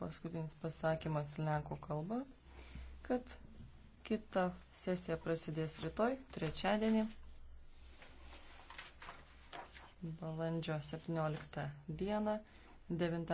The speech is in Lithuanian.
paskutinis pasakymas Lenkų kalba, kad kita sesija prasidės rytoj, trečiadienį, balandžio 17 dieną, 9